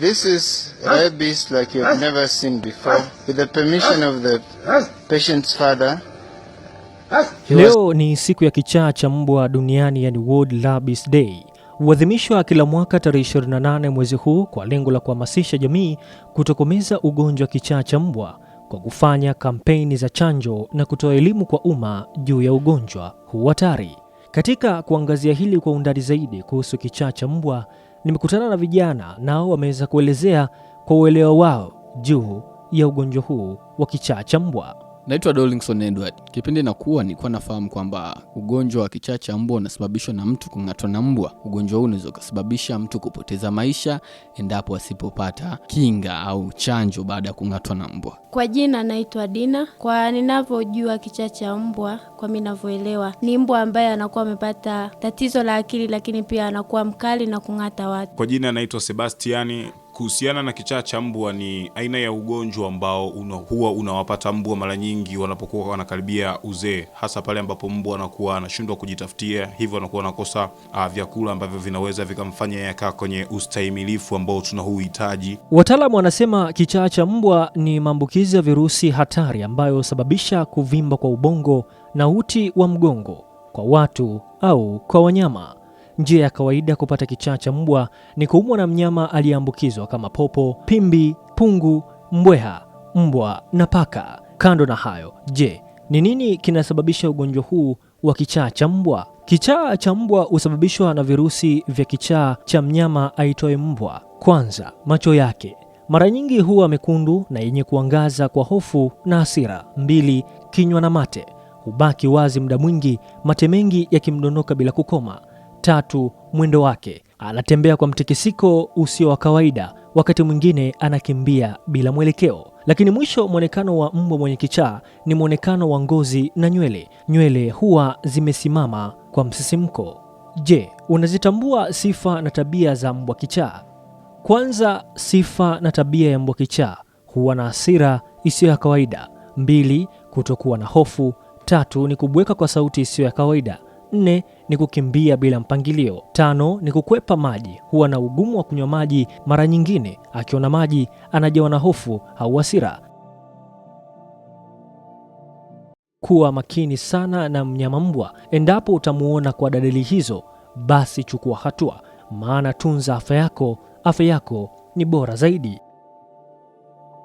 This is a beast like you've never seen before. With the permission of the patient's father. Leo ni siku ya kichaa cha mbwa duniani, yani World Rabies Day. Huadhimishwa kila mwaka tarehe 28 mwezi huu kwa lengo la kuhamasisha jamii kutokomeza ugonjwa kichaa cha mbwa kwa kufanya kampeni za chanjo na kutoa elimu kwa umma juu ya ugonjwa huu hatari. Katika kuangazia hili kwa undani zaidi kuhusu kichaa cha mbwa nimekutana na vijana nao wameweza kuelezea kwa uelewa wao juu ya ugonjwa huu wa kichaa cha mbwa. Naitwa Dolinson Edward. Kipindi nakuwa nilikuwa nafahamu kwamba ugonjwa wa kichaa cha mbwa unasababishwa na mtu kung'atwa na mbwa. Ugonjwa huu unaweza ukasababisha mtu kupoteza maisha endapo asipopata kinga au chanjo baada ya kung'atwa na mbwa. Kwa jina naitwa Dina. Kwa ninavyojua kichaa cha mbwa, kwa mi navyoelewa ni mbwa ambaye anakuwa amepata tatizo la akili, lakini pia anakuwa mkali na kung'ata watu. Kwa jina anaitwa Sebastiani. Kuhusiana na kichaa cha mbwa, ni aina ya ugonjwa ambao una, huwa unawapata mbwa mara nyingi wanapokuwa wanakaribia uzee, hasa pale ambapo mbwa anakuwa anashindwa kujitafutia, hivyo anakuwa anakosa uh, vyakula ambavyo vinaweza vikamfanya yakaa kwenye ustahimilifu ambao tunauhitaji. Wataalamu wanasema kichaa cha mbwa ni maambukizi ya virusi hatari ambayo husababisha kuvimba kwa ubongo na uti wa mgongo kwa watu au kwa wanyama. Njia ya kawaida kupata kichaa cha mbwa ni kuumwa na mnyama aliyeambukizwa kama popo, pimbi, pungu, mbweha, mbwa na paka. Kando na hayo, je, ni nini kinasababisha ugonjwa huu wa kichaa cha mbwa? Kichaa cha mbwa husababishwa na virusi vya kichaa cha mnyama aitwaye mbwa. Kwanza, macho yake mara nyingi huwa mekundu na yenye kuangaza kwa hofu na hasira. Mbili, kinywa na mate hubaki wazi muda mwingi, mate mengi yakimdondoka bila kukoma. Tatu, mwendo wake, anatembea kwa mtikisiko usio wa kawaida, wakati mwingine anakimbia bila mwelekeo. Lakini mwisho, mwonekano wa mbwa mwenye kichaa ni mwonekano wa ngozi na nywele. Nywele huwa zimesimama kwa msisimko. Je, unazitambua sifa na tabia za mbwa kichaa? Kwanza, sifa na tabia ya mbwa kichaa huwa na hasira isiyo ya kawaida. Mbili, kutokuwa na hofu. Tatu, ni kubweka kwa sauti isiyo ya kawaida. Nne ni kukimbia bila mpangilio. Tano ni kukwepa maji, huwa na ugumu wa kunywa maji. Mara nyingine akiona maji anajawa na hofu au hasira. Kuwa makini sana na mnyama mbwa. Endapo utamuona kwa dalili hizo, basi chukua hatua, maana tunza afya yako, afya yako ni bora zaidi.